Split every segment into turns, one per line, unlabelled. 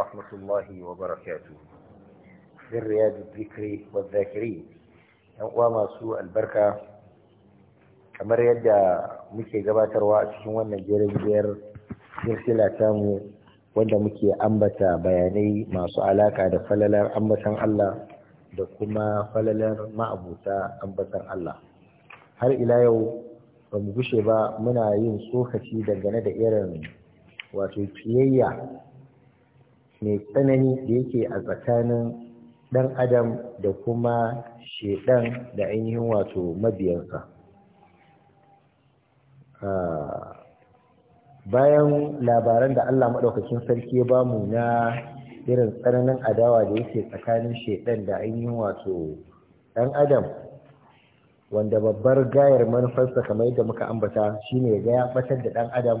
ورحمة الله وبركاته في الرياض الذكر والذاكرين وما سوء البركة kamar yadda muke gabatarwa a cikin wannan jirgiyar silsila tamu wanda muke ambata bayanai masu alaka da falalar ambatan Allah da kuma falalar ma'abuta ambatan Allah har ila yau ba mu gushe ba muna yin sokaci dangane da irin wato kiyayya mai tsanani da yake a tsakanin ɗan adam da kuma shedan da ainihin wato mabiyansa bayan labaran da Allah maɗaukakin sarki ya bamu na irin tsananin adawa da yake tsakanin shedan da ainihin wato ɗan adam wanda babbar gayar manufarsa kamar yadda muka ambata shine ga ya batar da ɗan adam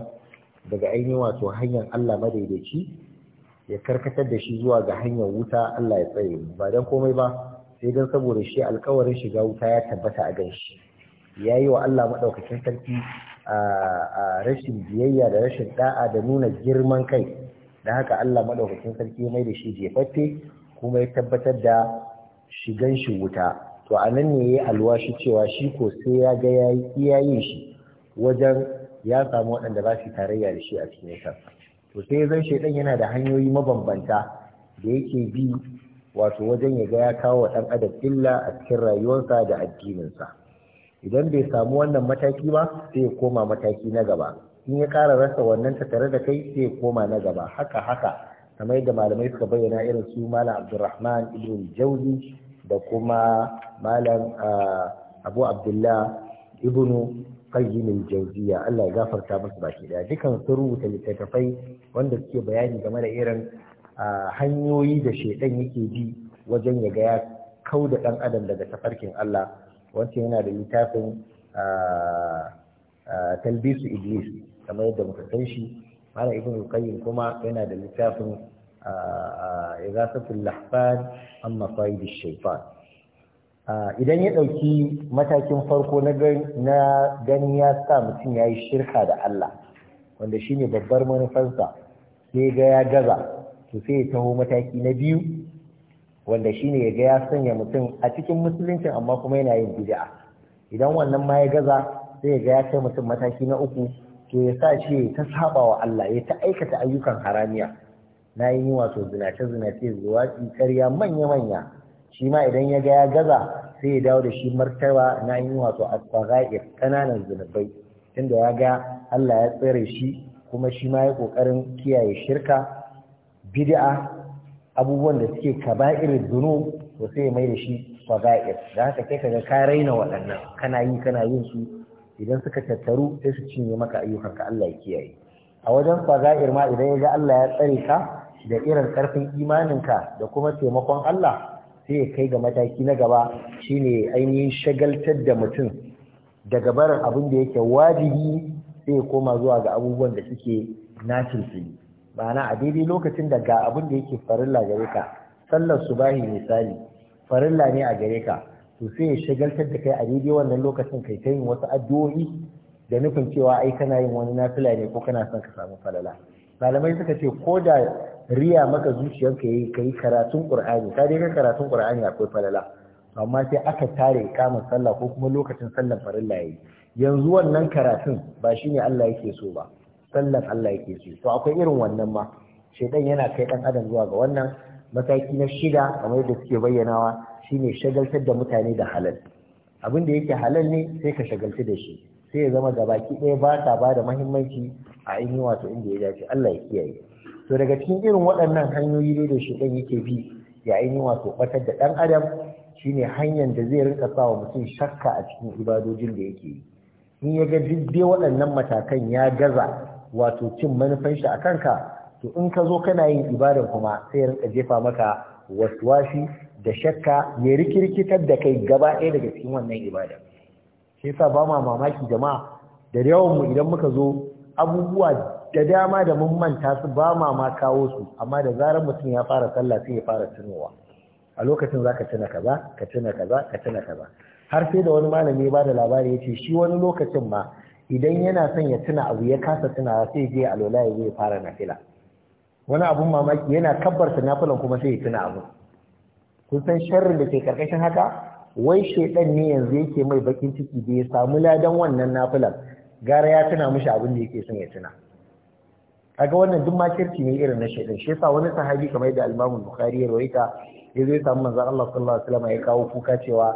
daga ainihin wato hanyar Allah madaidaici ya karkatar da shi zuwa ga hanyar wuta Allah ya tsaye ba don komai ba sai don saboda shi alkawarin shiga wuta ya tabbata a ganshi ya yi wa Allah maɗaukakin sarki a rashin biyayya da rashin da'a da nuna girman kai da haka Allah maɗaukakin sarki mai da shi jefaffe kuma ya tabbatar da shigan shi wuta to a nan ne ya yi alwashi cewa shi ko sai ya ga ya yi shi wajen ya samu waɗanda ba su tarayya da shi a cikin kansa to sai zan shaidan yana da hanyoyi mabambanta da yake bi wato wajen ya ga ya kawo wa ɗan adam illa a cikin rayuwarsa da addininsa idan bai samu wannan mataki ba sai ya koma mataki na gaba in ya kara rasa wannan ta tare da kai sai ya koma na gaba haka haka kamar yadda malamai suka bayyana irin su malam abdurrahman ibn jauzi da kuma malam ah, abu abdullah ibnu ginin al-jawziya Allah ya gafarta musu baki daya dukan sun rubuta littattafai wanda suke bayani game da irin hanyoyi da shedan yake bi wajen ya ga ya da dan adam daga tafarkin Allah wanda yana da littafin talbisu iblis kamar yadda muka san shi malam ibn qayyim kuma yana da littafin igasatul lahfan amma sayyid ash idan ya ɗauki matakin farko na gani ya sa mutum ya yi shirka da Allah wanda shi ne babbar manufarsa sai ga ya gaza to sai ya taho mataki na biyu wanda shi ne ya ga ya sanya mutum a cikin musuluncin amma kuma yana yin bid'a idan wannan ma ya gaza sai ya ga ya mutum mataki na uku to ya sa shi ta saba wa Allah ya ta aikata ayyukan haramiya na yi wato zinace zinace zuwa ƙarya manya manya shi ma idan ya ga ya gaza sai ya dawo da shi martaba na yin wato asfaga'ir ƙananan zunubai tunda ya ga Allah ya tsare shi kuma shi ma ya ƙoƙarin kiyaye shirka bid'a abubuwan da suke kaba'ir zunu to sai ya mai da shi faga'ir da haka kai kaga ka raina waɗannan kana yi kana yin su idan suka tattaru sai su cinye maka ayyukanka Allah ya kiyaye a wajen faga'ir ma idan ya ga Allah ya tsare ka da irin ƙarfin ka da kuma taimakon Allah sai ya kai ga mataki na gaba shine ainihin shagaltar da mutum daga barin abin da yake wajibi sai ya koma zuwa ga abubuwan da suke nacin ma'ana a daidai lokacin da ga abin da yake farilla gare ka sallar su bahi misali farilla ne a gare ka to sai ya shagaltar da kai a daidai wannan lokacin kai ta yin wasu addu'o'i da nufin cewa ai kana yin wani nafila ne ko kana son ka samu falala malamai suka ce ko da riya maka zuciyarka yayi kai karatun Qur'ani ka dai karatun Qur'ani akwai falala amma sai aka tare ikamar sallah ko kuma lokacin sallan farilla yayi yanzu wannan karatun ba shine Allah yake so ba Sallan Allah yake so to akwai irin wannan ma shedan yana kai dan adam zuwa ga wannan mataki na shida kamar yadda suke bayyanawa shine shagaltar da mutane da halal abin da yake halal ne sai ka shagaltu da shi sai ya zama da baki ɗaya ba ta ba da mahimmanci a ainihin wato inda ya dace Allah ya kiyaye to daga cikin irin waɗannan hanyoyi ne da shaitan yake bi ya ainihin wato batar da ɗan adam shine hanyar da zai rinka sawa mutum shakka a cikin ibadojin da yake yi in ya ga duk dai waɗannan matakan ya gaza wato cin manufan shi a kanka to in ka zo kana yin ibadan kuma sai ya rinka jefa maka waswasi da shakka mai rikirkitar da kai gaba ɗaya daga cikin wannan ibada shi yasa ba ma mamaki jama'a da yawan mu idan muka zo abubuwa da dama da mun manta su ba ma ma kawo su amma da zarar mutum ya fara sallah sai ya fara tunowa a lokacin zaka tuna kaza ka tuna kaza ka tuna kaza har sai da wani malami ya bada labari yace shi wani lokacin ma idan yana son ya tuna abu ya kasa tunawa sai je alola ya zai fara nafila wani abun mamaki yana kabbarta nafilan kuma sai ya tuna abu kun san sharrin da ke karkashin haka wai shedan ne yanzu yake mai bakin ciki da ya samu ladan wannan nafilan gara ya tuna mishi abin da yake son ya tuna kaga wannan duk makirci ne irin na shaidan shi yasa wani sahabi kamar yadda al-Imam Bukhari ya rawaita ya zo samu manzon Allah sallallahu alaihi wasallam ya kawo kuka cewa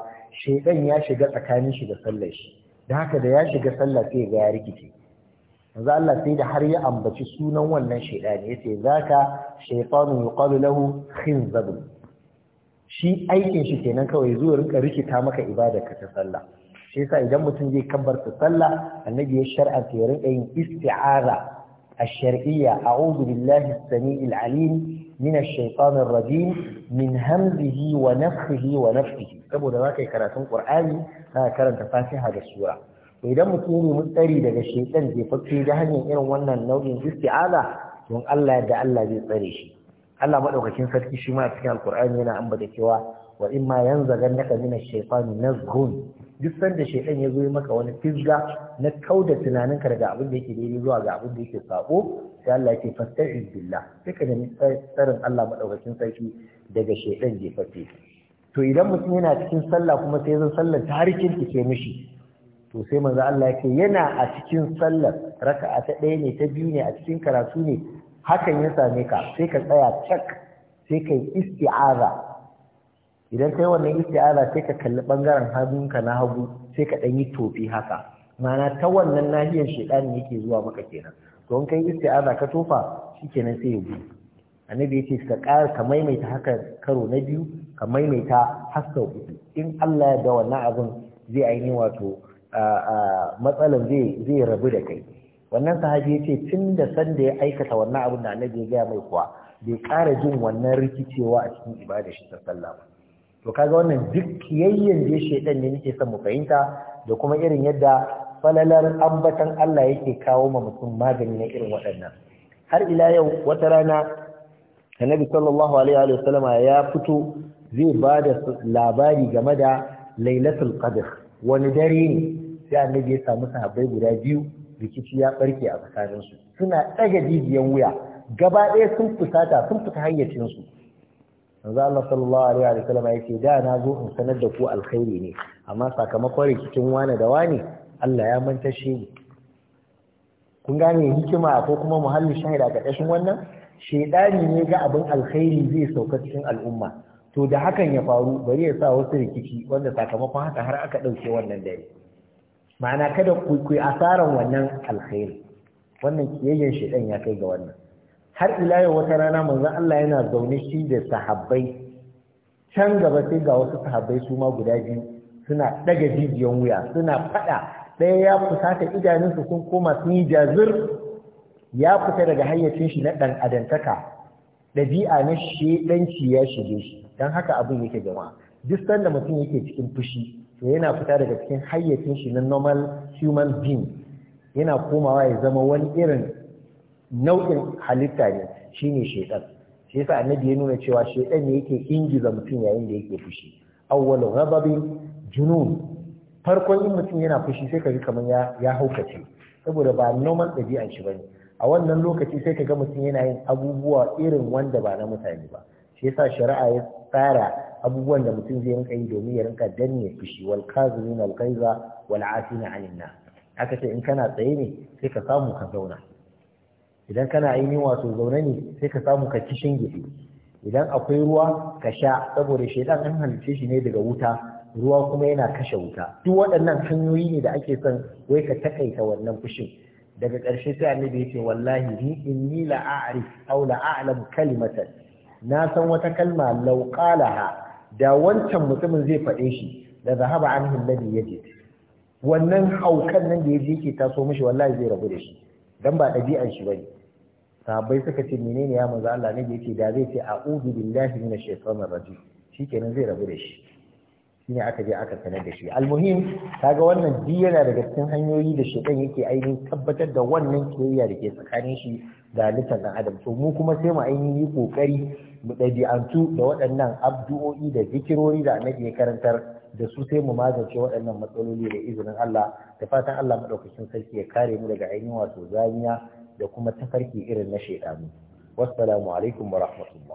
shaidan ya shiga tsakanin shi da sallar shi da haka da ya shiga sallah sai ga ya rikice manzo Allah sai da har ya ambaci sunan wannan shaidani yace zaka shaytanu yuqalu lahu khinzab shi aikin shi kenan kawai zuwa rinka rikita maka ibada ka ta sallah shi yasa idan mutum zai kabbarta sallah annabi ya shar'a ya rinka yin isti'aza الشرعية أعوذ بالله السميع العليم من min hamdihi wa همزه wa ونفخه saboda za ka yi karatun ƙur'ani na karanta fatiha da sura to dan mutum ne tsari daga shaitan zai fakke da hanyar irin wannan nau'in isti'aza don Allah yadda Allah zai tsare shi Allah maɗaukacin sarki shi ma a cikin alƙur'ani yana ambata wa in ma ganna min ash shaytan nazghun duk sanda shaytan ya zo yi maka wani fizga na kauda ka daga abin da yake daidai zuwa ga abin da yake sabo sai Allah yake fasta'iz billah sai ka nemi tsarin Allah madaukakin sarki daga shaytan jefaffe to idan mutum yana cikin sallah kuma sai zan sallar ta harkin take mishi to sai manzo Allah yake yana a cikin sallar raka'a ta ɗaya ne ta biyu ne a cikin karatu ne hakan ya same ka sai ka tsaya cak sai kai isti'aza idan kai wannan isti'aza sai ka kalli bangaren hannunka na hagu sai ka ɗan yi tofi haka mana ta wannan nahiyar ne yake zuwa maka kenan to in kai isti'aza ka tofa shikenan sai ya bi annabi yace ka ƙara ka maimaita haka karo na biyu ka maimaita har uku in Allah ya da wannan abin zai ainihin wato matsalan zai rabu da kai wannan sahabi yace tun da san ya aikata wannan abin da annabi ya gaya mai kuwa bai ƙara jin wannan rikicewa a cikin ibada shi ta sallah to kaga wannan duk kiyayyen da shedan ne nake son mu fahimta da kuma irin yadda falalar ambatan Allah yake kawo ma mutum magani na irin waɗannan har ila yau wata rana annabi sallallahu alaihi wa sallama ya fito zai ba da labari game da lailatul qadr wani dare ne sai annabi ya samu sahabbai guda biyu rikici ya barke a tsakaninsu suna ɗaga jijiyan wuya gaba ɗaya sun fusata sun fita hayyacinsu manzo Allah sallallahu alaihi wa sallam yake da na zo in sanar da ku alkhairi ne amma sakamakon rikicin wani da wani Allah ya manta shi kun gane hikima ko kuma muhallin shahida ga dashin wannan shedani ne ga abin alkhairi zai sauka cikin al'umma to da hakan ya faru bari ya sa wasu rikici wanda sakamakon haka har aka dauke wannan dare ma'ana kada ku asaran wannan alkhairi wannan kiyayen shedan ya kai ga wannan har ila yau wata rana manzon Allah yana zaune shi da sahabbai can gaba sai ga wasu sahabbai su ma guda biyu suna daga jijiyan wuya suna fada ɗaya ya fusata idanunsu sun koma sun yi jazir ya fita daga hayyacin shi na dan adantaka ɗabi'a na shedanci ya shige shi dan haka abin yake jama'a duk sanda mutum yake cikin fushi to yana fita daga cikin hayyacin shi na normal human being yana komawa ya zama wani irin nau'in halitta ne shine shaitan shi yasa annabi ya nuna cewa shaitan ne yake ingiza mutum yayin da yake fushi awwalu ghadabin junun farkon in mutum yana fushi sai kaji kaman ya ya haukace saboda ba normal ɗabi'an shi bane a wannan lokaci sai ka ga mutum yana yin abubuwa irin wanda ba na mutane ba shi yasa shari'a ya tsara abubuwan da mutum zai rinka yi domin ya rinka danne fushi wal kazimin al ghaiza wal 'anil nas aka ce in kana tsaye ne sai ka samu ka zauna idan kana ainihin wato zaune ne sai ka samu ka ci shinge idan akwai ruwa ka sha saboda shaidan an halice shi ne daga wuta ruwa kuma yana kashe wuta duk waɗannan hanyoyi ne da ake son wai ka takaita wannan fushin daga ƙarshe sai annabi ya ce wallahi ni inni la a'rif aw la a'lam kalimatan na san wata kalma law qalaha da wancan mutumin zai faɗe shi da zahaba anhu alladhi yajid wannan haukan nan da yaji yake taso mishi wallahi zai rabu da shi dan ba ɗabi'an shi bane sahabbai suka ce menene ya manzo Allah nabi yake da zai ce a'udhu billahi minash shaitanir rajim shikenan zai rabu da shi shine aka je aka sanar da shi almuhim kaga wannan duk yana daga cikin hanyoyi da shaitan yake ainihin tabbatar da wannan kiyayya da ke tsakanin shi da halittar dan adam to mu kuma sai mu ainihin kokari mu ɗabi'antu da waɗannan abdu'o'i da zikirori da annabi ya karantar da su sai mu magance waɗannan matsaloli da izinin Allah da fatan Allah madaukakin sarki ya kare mu daga ainihin wato zaniya da kuma tafarki irin na shaidanu wassalamu alaikum wa rahmatullah